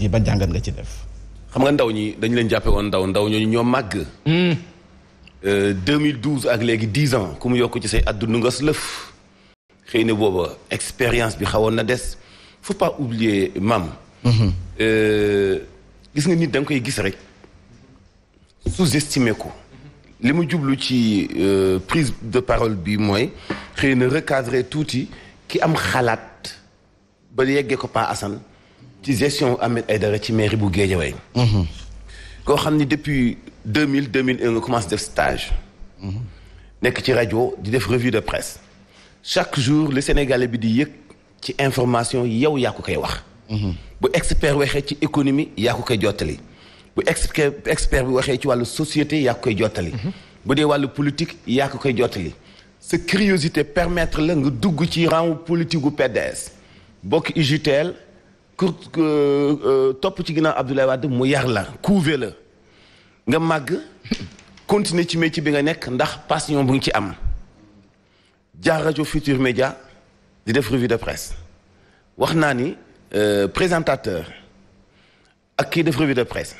ji ba jàngat nga ci def. xam nga ndaw ñi dañ leen jàppe woon ndaw ndaw ñooñu ñoo màgg. 2012 hmm. euh, ak léegi 10 ans ku mu yokk ci say adduna nga lëf. xëy na booba expérience bi xawoon na des faut pas oublier maam. Hmm. Euh, gis nga nit da koy gis rek sous-estimer ko. li mu jublu ci euh, prise de parole bi mooy xëy na recadrer tuuti ki am xalaat ba yeggee ko Pa Assane ci gestion Ahmed Aïdara ci mairie bu Guédiawaye mhm. koo xam ni depuis deux nga commencé def stage mhm. nekk ci rajo di def revue de presse chaque jour le Sénégalais bi di yëg ci information yow yaa ko koy wax mhm. bu expert waxee ci économie yaa ko koy jottali bu expert bi waxee ci wàllu société yaa ko koy jottali bu dee wàllu politique yaa ko koy jottali sa curiosité permettre la nga dugg ci rang politique gu PDS bokk UJTL ku euh, euh, topp ci ginaaw Abdoulaye Wade mu yar la couvé la nga màgg continuer ci métier bi nga nekk ndax passion bu ngi ci am jaar rajo Futur Média di def revue de press wax naa ni euh, présentateur ak kii def revue de presse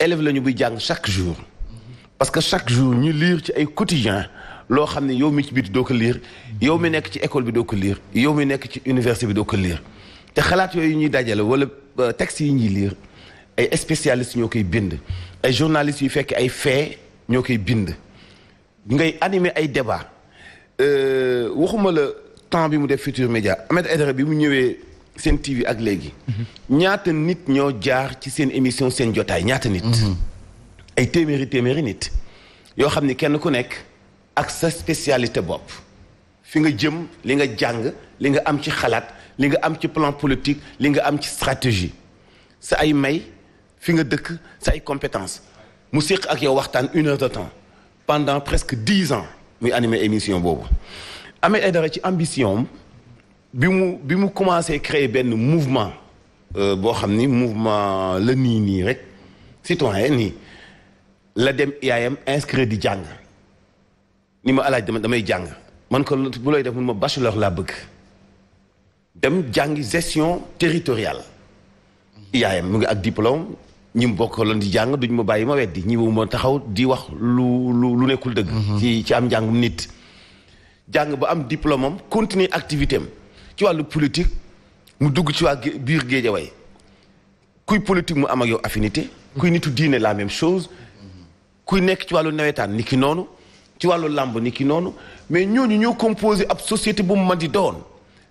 élève la ñu buy jàng chaque jour parce que chaque jour ñu liir ci ay quotidien loo xam ne yow mi ci biir doo ko liir yow mi nekk ci école bi doo ko liir yow mi nekk ci université bi doo ko liir te xalaat yooyu ñuy dajale wala euh, textes yi ñuy ay spécialistes ñoo koy bind ay journalistes yu fekk ay faits ñoo koy bind ngay anime ay débat euh, waxuma la temps bi mu def Futurs Médias Ahmed Aidara bi mu ñëwee seen TV ak léegi mm-hmm. ñaata nit ñoo jaar ci seen émission seen jotaay ñaata nit mm-hmm. ay téeméeri téeméeri nit yoo xam ni kenn ku nekk ak sa spécialité bopp fi nga jëm li nga jàng li nga am ci xalaat li nga am ci plan politique li nga am ci stratégie sa ay may fi nga dëkk sa ay compétence mu séq ak yow waxtaan une heure de temps pendant presque dix ans muy animé émission boobu Ahmed Aidara ci ambition bi mu bi mu commencé créer benn mouvement euh, boo xam ni mouvement la nii nii rek citoyen eh, nii la dem yaayam inscrit di jàng ni ma alaaj dama damay jàng man ko bu looy def mun ma bachelor laa bëgg dem jàngi gestion territoriale IAM mhm. mu ngi ak diplôme ñi mu bokkaloon di jàng duñ ma bàyyi ma weddi ñi taxaw di wax lu lu lu nekkul dëgg mhm. ci ci am njàngum nit jàng ba am diplôme am continuer activité am ci wàllu politique mu dugg ci waa biir Géejawaay kuy politique mu am ak yow affinité mhm. kuy nitu diine la même chose kuy nekk ci wàllu nawetaan ni ki noonu ci wàllu làmb ni ki noonu mais ñooñu ñëw composé ab société bu mu man di doon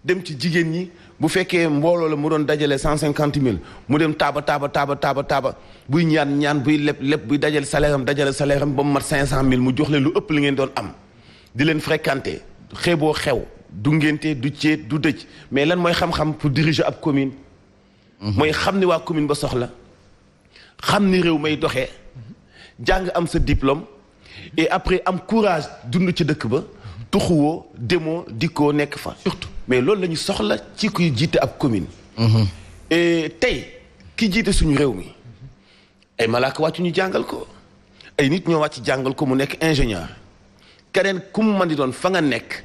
dem ci jigéen ñi bu fekkee mbooloo la mu doon dajale cent cinquante mille mu dem taaba taaba taaba taaba taaba buy ñaan ñaan buy leb leb buy dajale salaire am dajale salaire am ba mu mat cinq cent mille mu jox leen lu ëpp li ngeen doon am di leen fréquenté xeeboo xew du ngénte du ceet du dëj mais lan mooy xam-xam pour diriger ab commune mhm. mooy xam ni waa commune ba soxla xam ni réew may doxee jàng am sa diplôme et après am courage dund ci dëkk ba tuxuwoo demoo dikkoo nekk fa surtout mais loolu la soxla ci kuy jiite ab commune. tey ki jiite suñu réew mi ay malaaka wàccu ñu jàngal ko ay nit ñoo wàcc jàngal ko mu nekk ingénieur keneen ku man mën di doon fa nga nekk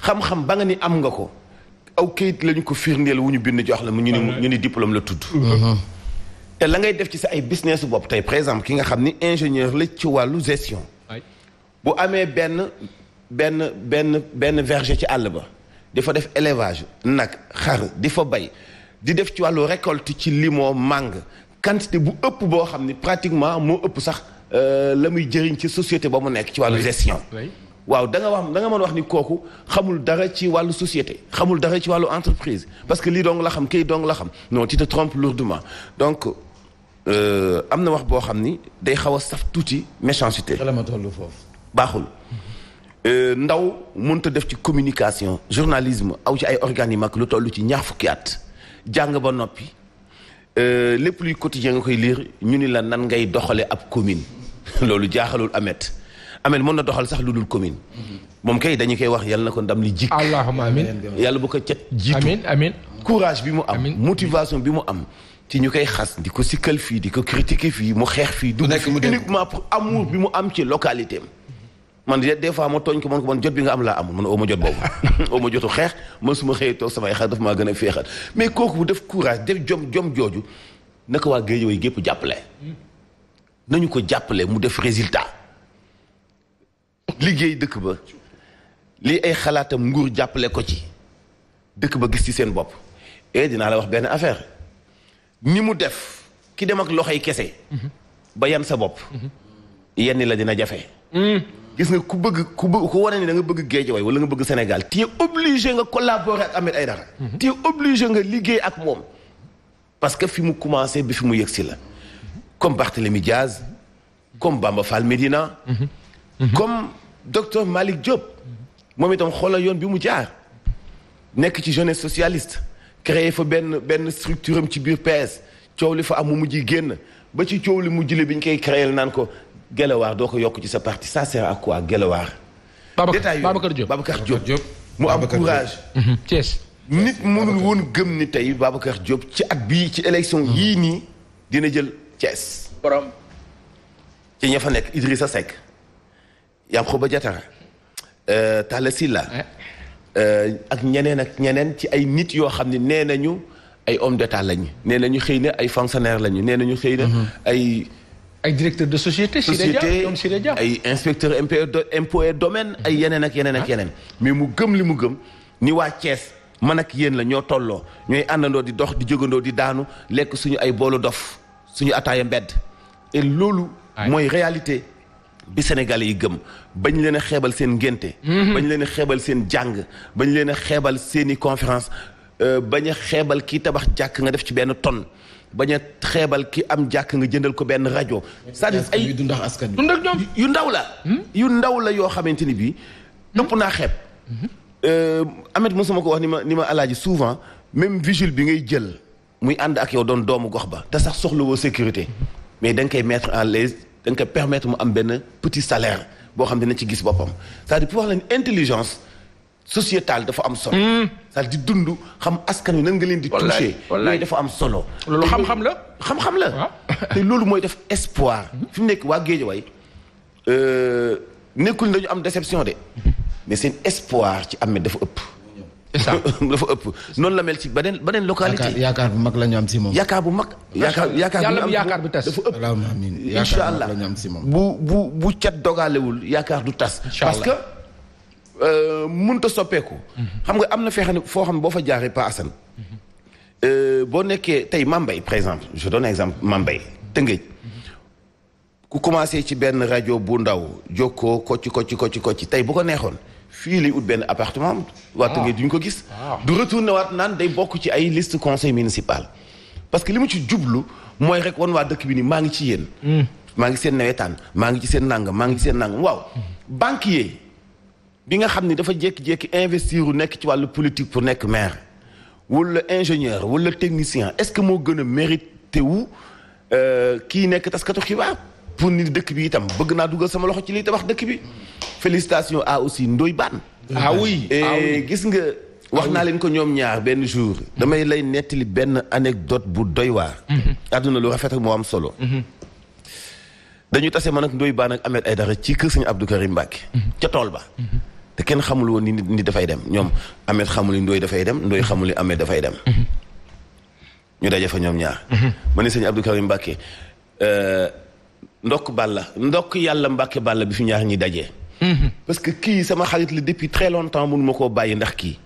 xam-xam ba nga ni am nga ko aw kayit lañu ko firndeel wu ñu bind jox la mu ñu ni ñu ni diplôme la tudd. te la def ci sa ay business bopp tey par exemple ki nga xam ni ingénieur la ci wàllu gestion. bu amee benn benn benn benn verger ci àll ba. di fa def élevage nag xar di fa bay di def ci wàllu récolte ci limon màng quantité bu ëpp boo xam ni pratiquement moo ëpp sax euh, la muy jëriñ ci société ba mu nekk ci wàllu gestion waaw danga nga wax da nga mën wax ni kooku xamul dara ci wàllu société xamul dara ci wàllu entreprise parce que lii dong la xam kii dong la xam non tu te trompes lourdement donc euh, am na wax boo xam ni day xaw a saf tuuti méchanceté la foofu baaxul mm-hmm. Euh, ndaw mënta def ci communication journalisme aw ci ay organes yi mag lu toll ci ñax fukki at jàng ba noppi euh, lépp luy quotidien nga koy liir ñu ni la nan ngay doxale ab commune loolu jaaxalul Ameth Ameth mën na doxal sax lu dul commune moom kay dañu koy wax yàlla na ko ndam li jik allahumma amiin yàlla bu ko cet jiitu amiin amiin courage bi mu am motivation bi mu am ci ñu koy xas di ko sikkal fii di ko critiquer fii mu xeex fii dugg fii uniquement pour amour bi mu am ci localité am man des fois ma tooñ ko man ko man jot bi nga am laa amul man oo ma jot boobu oo jotu xeex man su ma xëyee toog samay xar dafa maa gën a féexal mais kooku bu def courage def jom jom jooju naka waa géej yooyu gépp jàppale nañu ko jàppale mu def résiltat liggéey dëkk ba lii ay xalaatam nguur jàppale ko ci dëkk ba gis ci seen bopp et dinaa la wax benn affaire ni mu def ki dem ak loxoy kese mhm. ba yan sa bopp mhm. yenn la dina jafe mhm. gis nga ku bëgg ku bëgg ku wane ni da nga bëgg Guédiawaye wala nga bëgg Sénégal tu es nga collaborer ak Ahmed Aïdara mhm. tu es nga liggéey ak moom parce que fi mu commencé bi fi mu yëgsi la comme Barthélémy Diaz comme Bamba Fall Medina mhm. mhm. comme docteur Malick Diop moom itam xoolal yoon bi mu jaar nekk ci jeunesse socialist créé fa benn benn structure am ci biir PS coow li fa am mu mujj génn ba ci coow li mu la bi ñu koy créé naan ko gelawaar doo ko yokk ci sa parti ça sert à quoi gelawaar. détail Babacar Diop Babacar Diop mu am courage. Mhm. Thiès. nit mënul woon gëm ni tey Babacar Diop ci at bii ci élection mhm. yii nii dina jël Thiès. borom ci ña fa nekk Idrissa Seck. Yankhoba Diattara. Euh, Talla Sylla. Euh, ak ñeneen ak ñeneen ci ay nit yoo xam ne nee nañu ay hommes d'état lañu. nee nañu xëy na ay fonctionnaires lañu nee nañu xëy na mhm. ay. ay directeur de société. société ay inspecteur impôt et domaine ay yeneen ak yeneen ak ah. yeneen. mais mu gëm li mu gëm ni waa Thiès man ak yéen la ñoo tolloo ñooy àndandoo di dox di jógandoo di daanu lekk suñu ay boolu dof suñu ataaya mbedd. et loolu. mooy réalité bi Sénégalais yi gëm bañ leen a xeebal seen ngénte. Mhm. bañ leen a xeebal seen jàng bañ leen a xeebal seen i conférence euh, bañ a xeebal kii tabax jàkk nga def ci benn tonne. bañ a xeebal ki am jàkk nga jëndal ko benn rajo. c'est-à-dire ay dund ak askan dund ak yu ndaw la. Hmm? yu ndaw la yoo xamante ni bii. nopp naa xeeb. Hmm? Euh, Ameth mosuma ko wax ni ma ni ma alaaji souvent même vigile bi ngay jël muy ànd ak yow doon doomu gox ba te sax soxlawoo sécurité mais da nga koy mettre en l'aise da nga koy permettre mu am benn petit salaire boo xam ne dina ci gis boppam c'est-à-dire pour wax leen intelligence. sociétal dafa am solo. Hmm. saa di dund xam askan wi nan nga leen di. touché yooyu dafa am solo. loolu xam-xam la xam-xam la. Ah. te loolu mooy def espoir. Hmm. fi mu nekk waa Géejawaay euh, nekkul ne dañu am déception de hmm. mais seen espoir ci am dafa ëpp. dafa ëpp noonu la mel ci beneen beneen localité yaakaar bu mag la ñu am si moom. yaakaar bu mag. yaakaar yaakaar bu tas dafa ëpp. incha allah bu bu bu cat dogalewul yaakaar du tas. parce que. Euh, mënut ta soppeeku. Mhm. xam nga am na fexe foo xam ne boo fa jaaree Pa Assane. Mhm. Euh, boo nekkee tey Mambay par exemple je donne exemple Mambay Tëngéej. Mhm. ku commencé ci benn rajo bu ndaw jokkoo kocci kocci kocci kocci tey bu ko neexoon fii lay ut benn appartement waa ah. Tëngéej duñ ko gis. Ah. du retourné waat naan day bokk ci ay liste conseil municipal. parce que li mu ci jublu mooy rek wan waa dëkk bi ni maa ngi ci yéen. Mm. maa ngi seen nawetaan maa ngi ci seen nangam maa ngi seen nangam waaw mm. banquier. bi nga xam ni dafa jékki-jékki investir wu nekk ci wàllu politique pour nekk maire wala ingénieur wala technicien est-ce que moo gën a mérité wu euh, kii nekk taskatu xibaar pour ni dëkk bi itam bëgg naa dugal sama loxo ci liy wax dëkk bi félicitations à aussi Ndoye baan ah, ah gis nga. wax ah naa leen ko ñoom ñaar benn jour. damay lay nettali benn anecdote bu doy waar. Mhm. àdduna lu rafet moo am solo. Mhm. dañu tase man ak Ndoye baan ak ay Aïdara ci kër sëñ Abdou Karim mhm. ca tool ba. te kenn xamul woon ni nit dafay dem ñoom mm-hmm. Ameth xamul ni Ndoye dafay dem Ndoye xamul ni Ameth dafay dem. Mm-hmm. ñu daje fa ñoom ñaar. Mm-hmm. ma ne sëñ Abdou Karim Mbacke euh, ndokk yàlla Mbacke Balla bi fi ñaar ñi daje. parce que kii sama xarit la depuis très longtemps mun ma koo bàyyi ndax kii.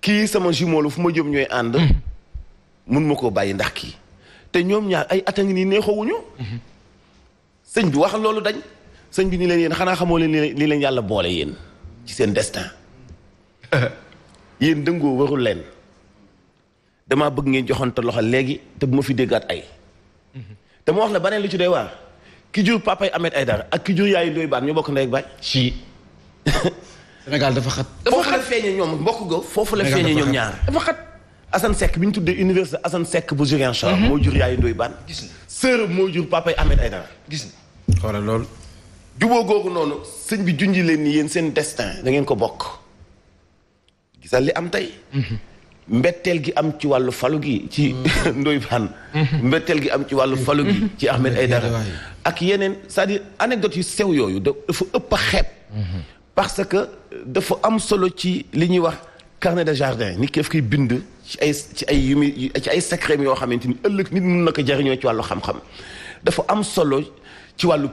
kii sama jumeau la fu ma jëm ñooy ànd. mun ma koo bàyyi ndax kii. te ñoom ñaar ay ngi nii neexoowuñu. sëñ bi wax loolu dañ. sëñ bi ni leen yéen xanaa xamoo leen li leen yàlla boole yéen. ci seen destin yéen dëngoo warul leen damaa bëgg ngeen joxante loxo léegi te bu ma fi déggaat ay te ma wax la baneen lu ci doy waar ki jur papay ay Aïdara ak ki jur yaayu Ndoye Bane ñu bokk ndey ak si ci dafa xat foofu la feeñee ñoom mbokk go foofu la feeñee ñoom ñaar dafa xat Assane Seck bi ñu tuddee université Assane Seck bu Ziguinchor mhm. moo jur yaayu Ndoye Bane gis na sœur moo jur papay Ahmed Aïdara gis na lool juboo googu noonu sëñ bi junji leen ni yéen seen destin dangeen ko bokk gisal li am tey mhm. mbetteel gi am ci wàllu falu gi ci mhm. Ndoye Bane mhm. mbetteel gi am ci wàllu falu gi ci Ahmed Aïdara ak yeneen c'est-à-dire yu sew yooyu dafa ëpp a xeeb parce que dafa am solo ci li ñuy wax carnet de jardin nit ki daf koy bind ci ay ci ay yu muy ci ay secret yoo xamante ni ëllëg nit mun na ko jariñoo ci wàllu xam-xam dafa am solo ci wàllu